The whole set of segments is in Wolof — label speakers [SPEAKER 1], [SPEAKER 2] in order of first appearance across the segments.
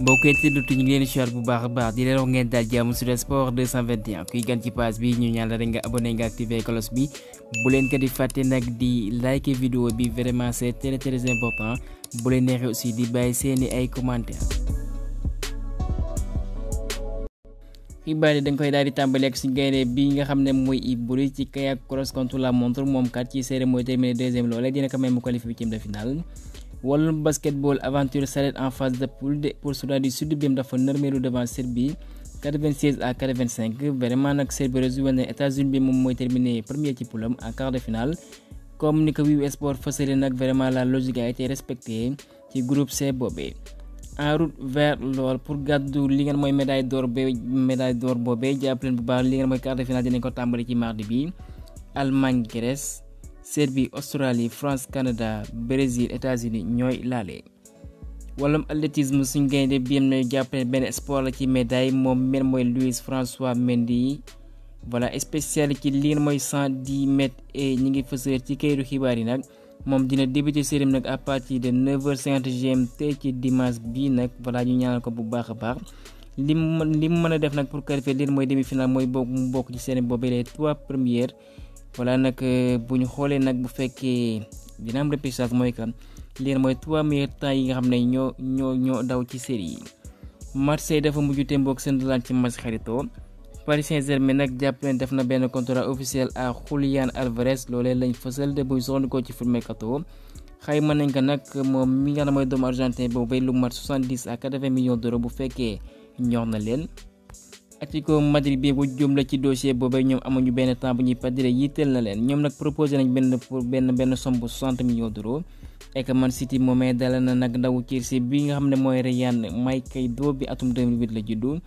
[SPEAKER 1] mbokk yi tëddatu ñu ngi leen siwaat bu baax a baax di leen wax ngeen daal Sport 221 kuy gan ci page bi ñu ñaan la rek nga abonné nga activé bi bu leen ko di fàtte nag di like vidéo bi vraiment c'est très très important bu leen neexee aussi di bàyyi seeni ay commentaire xibaar yi dañ koy daal di tàmbali ak suñu gaynde bi nga xam ne mooy ci kayak cross contre la montre moom kat ci série terminé deuxième loolee dina ko même Wallon basketball aventure s'arrête en phase de poule pour Soudan du Sud bim dafa nërmeelu devant Serbie 96 à 85 vraiment nak Serbie résumé les États-Unis bim moy terminé premier ci poule en quart de finale comme ni ko wiw sport fësale nak vraiment la logique a été respectée ci groupe C bobé en route vers l'or pour gagner li médaille d'or médaille d'or bobé jàpp leen bu baax li moy quart de finale dinañ ko tàmbali ci mardi bi Allemagne Grèce Serbie Australie France Canada Brésil États-Unis ñooy laale. wàllum athlétisme suñ gaynde bi yem nañu jàpp ne benn sport la ci médaille moom men mooy Luis François Mendy voilà spécial ci liin mooy 110 mètres e ñi ngi fësal ci kayitu xibaar yi nag moom dina débuté sérim nag à partir de 9h50 GMT ci dimanche bi nag voilà ñu ñaanal ko bu baax a baax li mu mën li mu mën a def nag pour qualifier liin mooy demi-finale mooy bokk mu bokk ci sérim boobee les trois premières voilà nag eh, bu ñu xoolee nag bu fekkee dina am repêchage mooy kan lii mooy trois meilleurs temps yi nga xam ne ñoo ñoo ñoo daw ci série yi Marseille dafa mujj témboog Sunderland ci match xaritoo Paris saint mi nag jàpp leen def na benn contrat officiel à Julián Alvarez loolee lañ fësal de buy soxna ko ci Mercato xayma nañ ko nag moom mi nga xam mooy doomu argentin boobu bay lu mat 70 à 80 millions d'euros bu fekkee ñor na leen. Atlético Madrid bi bu jëm la ci dossier boobee ñoom amuñu benn temps bu ñuy perdre yitteel na leen ñoom nag proposé nañ benn pour benn benn somme bu 60 millions d'euros et que Man City moomee dala na nag ndawu Chelsea bi nga xam ne mooy Ryan Maikaido bi atum 2008 la juddu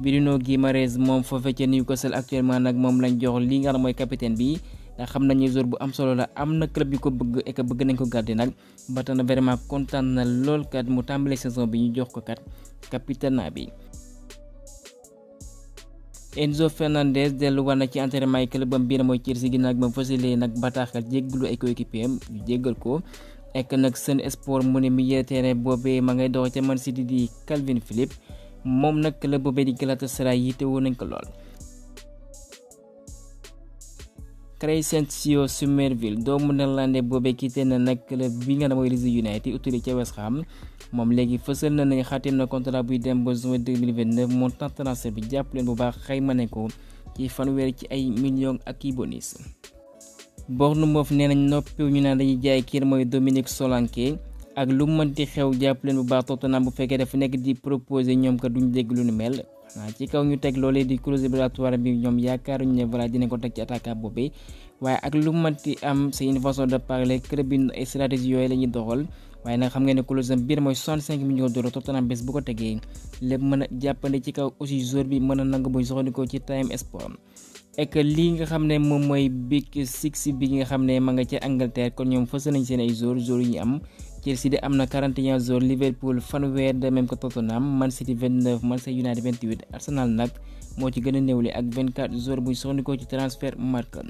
[SPEAKER 1] Bruno Guimaraes moom foofee ca Newcastle actuellement nag moom lañ jox li nga xam mooy capitaine bi ndax xam nañu jour bu am solo la am na club yu ko bëgg et bëgg nañ ko gàdd nag ba tax na vraiment kontaan na lool kat mu tàmbale saison bi ñu jox ko kat capitaine bi. Enzo Fernandez dellu war na ci entraînement yi club am biir mooy Chelsea ginnaaw ba mu fësalee nag bataaxal jéggalu ay coéquipier am ñu jéggal ko ak nag seen sport mu ne milieu terrain boobee ma ngay dox ca Man City di Calvin Phillips moom nag club boobee di Galatasaray yi te woon nañ ko lool. Crescencio Somerville doomu néerlandais boobee quitté na nag club bi nga xam mooy Leeds United utali ca West Ham. moom léegi fësal na ne xaatim na contrat buy dem ba juin 2029 montant transfert bi jàpp leen bu baax xayma ne ko ci fanweer ci ay millions ak i bonus. Bournemouth nee nañ noppiw ñu naan dañuy jaay kii mooy Dominique Solanke ak lu mënti xew jàpp leen bu baax Tottenham bu fekkee dafa nekk di proposé ñoom kat duñ dégg lu nu mel. waaw ci kaw ñu teg loolee di clause libératoire bi ñoom yaakaaruñu ne voilà dinañ ko teg ci attaque boobee waaye ak lu manti am c'est une de parler club bi stratégie yooyu la ñuy doxal waaye nag xam nga ne closam biir mooy 65 millions d'euros Tottenham bés bu ko tegee lépp mën jàppandi ci kaw aussi joueur bi mën a nangu buy soxandikoo ci Time Sport et que lii nga xam ne moom mooy big six bi nga xam ne ma nga ca Angleterre kon ñoom fës nañ seen ay joueurs joueurs yi ñu am Chelsea de am na 41 joueurs Liverpool fanweer de même que Tottenham Man City 29 Manchester United 28 Arsenal nag moo ci gën a néewle ak 24 joueurs buy soxandikoo ci transfert market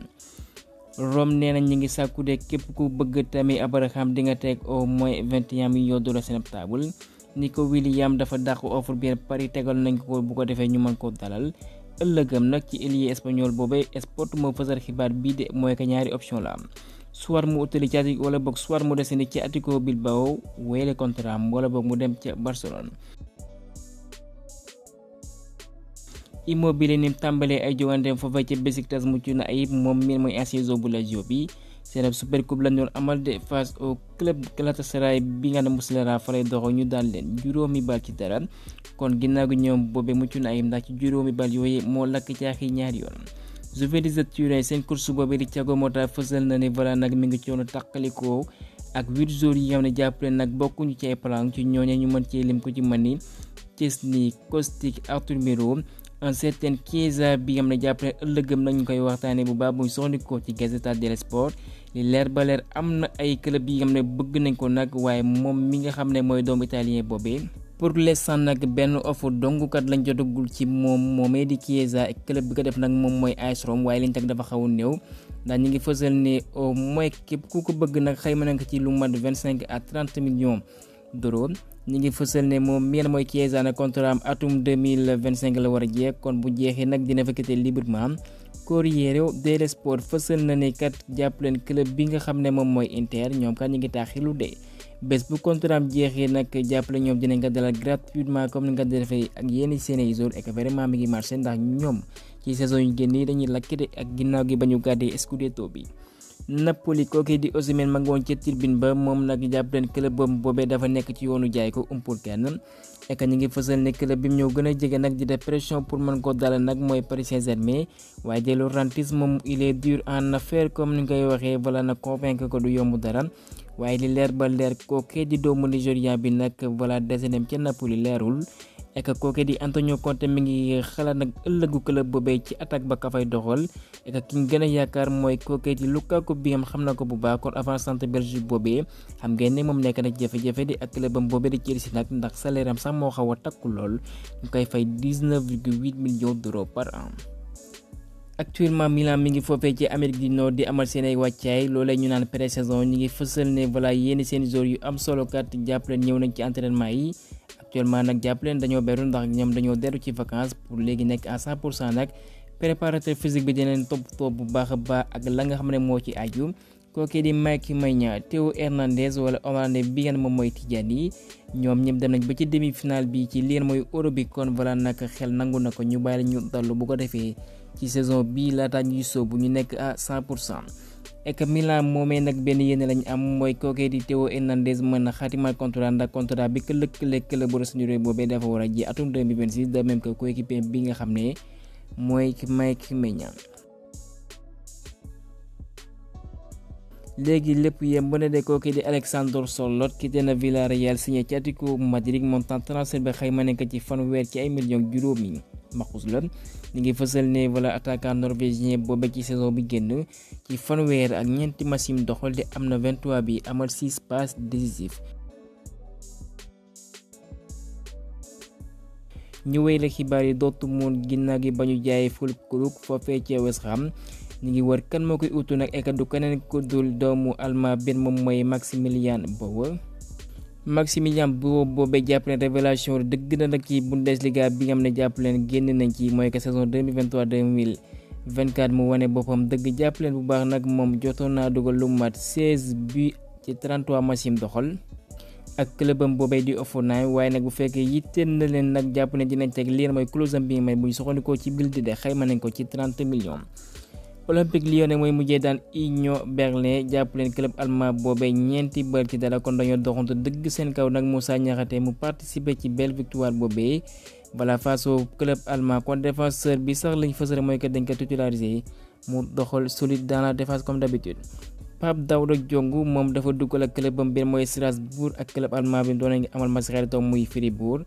[SPEAKER 1] Rome nee na ñi ngi sàkku de képp ku bëgg tamit Abraham di nga teg au moins vingt et un millions dollars seen ab table ni ko William dafa dàq offre bi Paris tegal nañ ko bu ko defee ñu mën koo dalal ëllëgam nag ci ailier espagnol boobee sport moo fësal xibaar bii de mooy que ñaari option la am soit mu utali ci wala boog soit mu desandi ci Athletic Bilbao wéyale contrat am wala boog mu dem ca Barcelone. Immobile nim tàmbalee ay joganteem foofa ca Besiktas mucc na ayib moom miin mooy ancien zobu la Lazio bi seen super coupe la doon amal de face au club Galatasaray bi nga ne Muslera fa lay doxo ñu daan leen juróomi bal ci dara kon ginnaaw gi ñoom bobe mucc na ayib ndax ci juróomi bal yooyu moo lakk caaxi ñaar yoon. Juventus de Turin seen course boobee di Thiago Motta fësal na ne voilà nag mi ngi coono tàqalikoo ak huit jours yi nga xam ne jàppale nag bokkuñu ci ay plan ci ñooñu ñu mën cee lim ko ci mën ni Szczęsny Kostic Arthur un certain Chiesa bi nga xam ne jàpp ne nañu koy waxtaanee bu baax buñ soxndikoo ci Gazzetta dello Sport leer ba leer am na ay club yi nga xam ne bëgg nañ ko nag waaye moom mi nga xam ne mooy doomu italien boobee. pour l'instant nag benn offre dongkat lañ jotagul ci moom moomee di Chiesa club bi ko def nag moom mooy AS Rome waaye liñ teg dafa xaw new ndax ñu ngi fësal ne au moins képp ku ko bëgg nag xayma nañ ko ci lu mat vingt cinq à trente millions. d'euros ñu ngi fësal ne moom meen mooy Chiesa na contrat am atum 2025 la war jeex kon bu jeexee nag dina fa quitter librement Corriere dello Sport fësal na ne kat jàpp club bi nga xam ne moom mooy Inter ñoom kat ñu ngi taaxilu de bés bu contrat am jeexee nag jàppale ñoom dinañ ko dalal gratuitement comme ni nga defee ak yenn seen i zone et que vraiment mi ngi marché ndax ñoom ci saison yu génn yi dañuy lakkite ak ginnaaw gi ba ñu gàddee scudetto bi. Napoli kooku di Osimhen ma nga woon ca tribune ba moom nag jàpp leen club boobee dafa nekk ci yoonu jaay ko umpul kenn ek ñu ngi fësal ne club bi mu ñëw gën a jege nag di def pression pour mën ko dalal nag mooy Paris Saint-Germain waaye De Laurentiis moom il est dur en affaire comme ni koy waxee wala nag convaincre ko du yomb dara waaye li leer ba leer kooku di doomu Nigéria bi nag voilà desineem ca Napoli leerul. ek kooke di Antonio Conte mi ngi xalaat nag ëllëgu club boobee ci attaque ba ka fay doxal ek ki ñu yaakaar mooy kooke di Lukaku bi am xam na ko bu baax kon avant centre Belgique boobee xam ngeen ne moom nekk na jafe-jafe di ak club am boobee di Chelsea nag ndax salaire sax moo xaw a takku lool ñu koy fay 19,8 millions d'euros par an. actuellement Milan mi ngi foofee ci Amérique du Nord di amal seen ay wàccaay loolee ñu naan pré-saison ñi ngi fësal ne voilà yéen seen jour yu am solo kat jàppaleen ñëw nañ ci entraînement yi actuellement nag jàppaleen dañoo beru ndax ñoom dañoo dellu ci vacances pour léegi nekk à 100 pour cent nag préparateur physique bi deneen leen topp topp bu baax a baax ak la nga xam ne moo ci aju kookee di Mike Maignan Théo Hernandez wala Hollande bi ngeen moom mooy Tidiane yi ñoom ñëpp dem nañ ba ci demi-finale bi ci liir mooy Euro bi kon voilà nag xel nangu na ko ñu bàyyi ñu dallu bu ko defee. ci saison bii laata ñuy soobu ñu nekk à 100 pour cent et que Milan moomee nag benn yéene lañu am mooy kookee di Théo Hernandez mën na xaatimal contrat ndax contrat bi këlëkkale club bu Rossoneri boobee dafa war a ji atum 2026 de même que coéquipier bi nga xam ne mooy Mike Maignan. léegi lépp yem ba ne de kooku di Alexandre Sorloth quitté na Villarreal signé ci Atlético Madrid montant transfert bi xayma nekk ci fanweer ci ay millions juróom yi Marcus Lund ñu ngi fësal ne voilà attaquant norvégien boobe ci saison bi génn ci fanweer ak ñeenti machine doxal di am na 23 bi amal 6 passes décisives ñu wéy la xibaar yi dootu moon ginnaaw gi ba ñu jaayee ful kuluk foofee ca West Ham ngi wër kan moo koy utu nag eka du keneen ku doomu almaa benn moom mooy Maximilian Bauer Maximilian bo boobee jàpp ne révélation dëgg na nag ci Bundesliga bi nga xam ne jàpp leen génn nañ ci mooy que saison 2023 2024 mu wane boppam dëgg jàpp leen bu baax nag moom jotoon na dugal lu mat 16 buts ci 33 matchs yi doxal ak clubam boobee di Hoffenheim waaye nag bu fekkee yitteel na leen nag jàpp ne dinañ teg lii mooy close bi may bu ñu soxandikoo ci Bild de xayma nañ ko ci 30 millions. Olympique Lyonnais mooy mujjee daan Union Berlin jàpp leen club allemand boobee ñeenti bal ci dara kon dañoo doxantu dëgg seen kaw nag Moussa Niakhaté mu participer ci belle victoire boobee voilà face au club allemand kon défenseur bi sax lañ fësal mooy que dañ ko titularisé mu doxal solide dans la défense comme d'habitude Pape Daouda Diong moom dafa duggal ak club bam benn mooy Strasbourg ak club allemand bi doon nañu amal match xaritoo muy Fribourg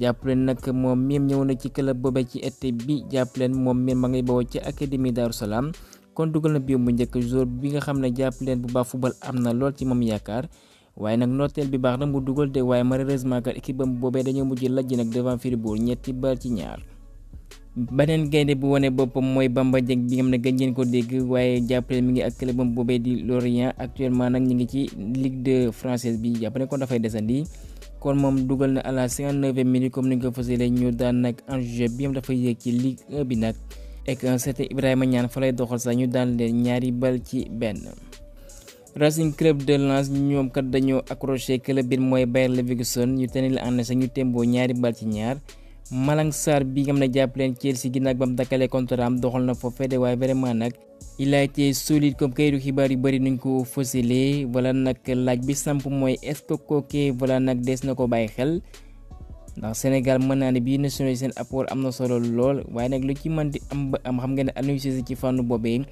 [SPEAKER 1] jàppaleen nag moom miim ñëw na ci club boobee ci été bi jàppaleen moom miim ma ngay bawoo ci académie Darou Salaam kon dugal na bii bu njëkk jour bi nga xam ne jàppaleen bu baax football am na lool ci moom yaakaar waaye nag nooteel bi baax na mu dugal de waaye malheureusement kat équipe am boobee dañoo mujj lajj nag devant Fribourg ñetti bal ci ñaar. beneen gaynde bu wone boppam mooy Bamba Dieng bi nga xam ne gën ngeen ko dégg waaye jàppale mi ngi ak clubam boobee di Lorient actuellement nag ñu ngi ci Ligue 2 française bi jàpp ne kon dafay desandi kon moom dugal na à la cinquante-neuvième minute comme ni nga ko fasile ñu daan nag en jeu bi am dafa yéeg ci Ligue 1 bi nag ek c'était Ibrahima ñaan fa lay doxal sax ñu daan leen ñaari bal ci benn Racing Club de Lens ñoom kat dañoo accroché club bi mooy Bayer Leverkusen ñu tenil ànd sax ñu temboo ñaari bal ci ñaar Malang Sarr bi nga xam jàpp leen Chelsea ginnaaw ba mu dakkalee kontoraam doxal na foofee de waaye vraiment nag il a été solide comme kayitu xibaar yu bëri nuñ ko fësalee wala nag laaj bi samp mooy est-ce que kookee wala nag des na ko bàyyi xel. ndax Sénégal mën naa ne bii national seen apport am na solo lool waaye nag lu ci mën di am am xam nga ne Aliou Cissé ci fànn boobee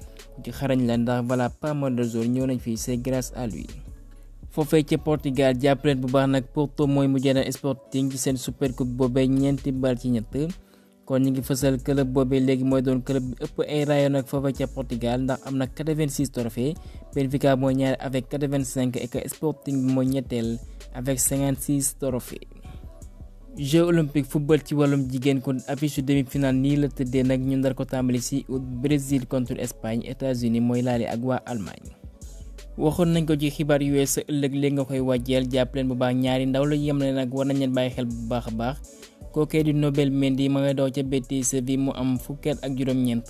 [SPEAKER 1] ci xarañ la ndax voilà pas mal de ñëw nañ fii c'est grâce à lui. foofee ca Portugal jàppaleen bu baax nag Porto mooy mujjee na Sporting ci seen super coupe boobee ñeenti bal ci ñett kon ñu ngi fësal club boobee léegi mooy doon club bi ëpp ay rayon nag foofee ca Portugal ndax am na 86 trophées Benfica mooy ñaari avec 85 et que Sporting bi mooy ñetteel avec 56 trophées. Jeux olympique football ci wàllum jigéen kon affiche su demi-finale nii la tëddee nag ñu ndar ko tàmbali si août Brésil contre Espagne États-Unis mooy laale ak waa Allemagne. waxoon nañ ko ci xibaar yu wees ëllëg léegi nga koy wàjjeel jàpp leen bu baax ñaari ndaw la yem leen nag war nañ leen xel bu baax a baax kookee di Nobel Mendy ma nga daw ca Betis bi mu am fukkeet ak juróom-ñeent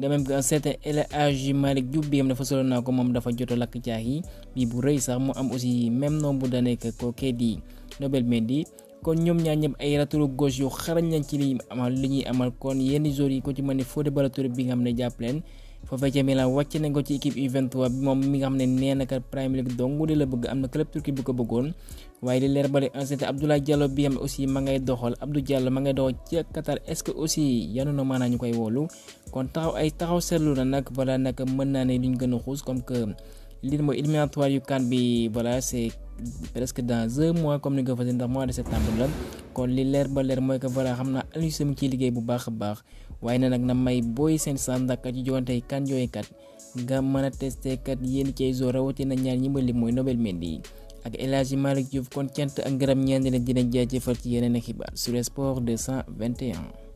[SPEAKER 1] de même que certain El Hadji Malick Diop bi xam ne fasaloon naa ko moom dafa jot a lakk caax yi bii bu rëy sax mu am aussi même nombre d'années que kookee di Nobel Mendy kon ñoom ñaar ñëpp ay ratalu gauche yu xarañ lañ amal kon yenn jours yi ko ci foo fekkee Milan wàcc nañ ko ci équipe U23 bi moom mi nga xam ne nee na kat Premier League dongu de la bëgg am na club turki bu ko bëggoon waaye di leer bale ancien Abdoulaye Diallo bi xam ne aussi ma ngay doxal Abdou Diallo ma ngay doxal ca Qatar est-ce que aussi yanu na maanaa ñu koy woolu kon taxaw ay taxaw seetlu na nag balaa nag mën naa ne luñ gën a xuus comme que lii mooy éliminatoire yu kan bi voilà c'est presque dans un mois comme ni nga ko fas ndax mois de septembre la kon li leer ba leer mooy que voilà xam naa Aliou Sow liggéey bu baax a baax waaye nag na may booy seen sàndakat ci joŋante yi kan yooyu kat nga mën a testé kat yéen cay zo rawatina ñaar ñi ma lim mooy Nobel Mendy ak El Hadji Malick Diouf kon cant ak ngërëm ñeenti leen dinañ jaajëfal ci yeneen xibaar sur le sport 221.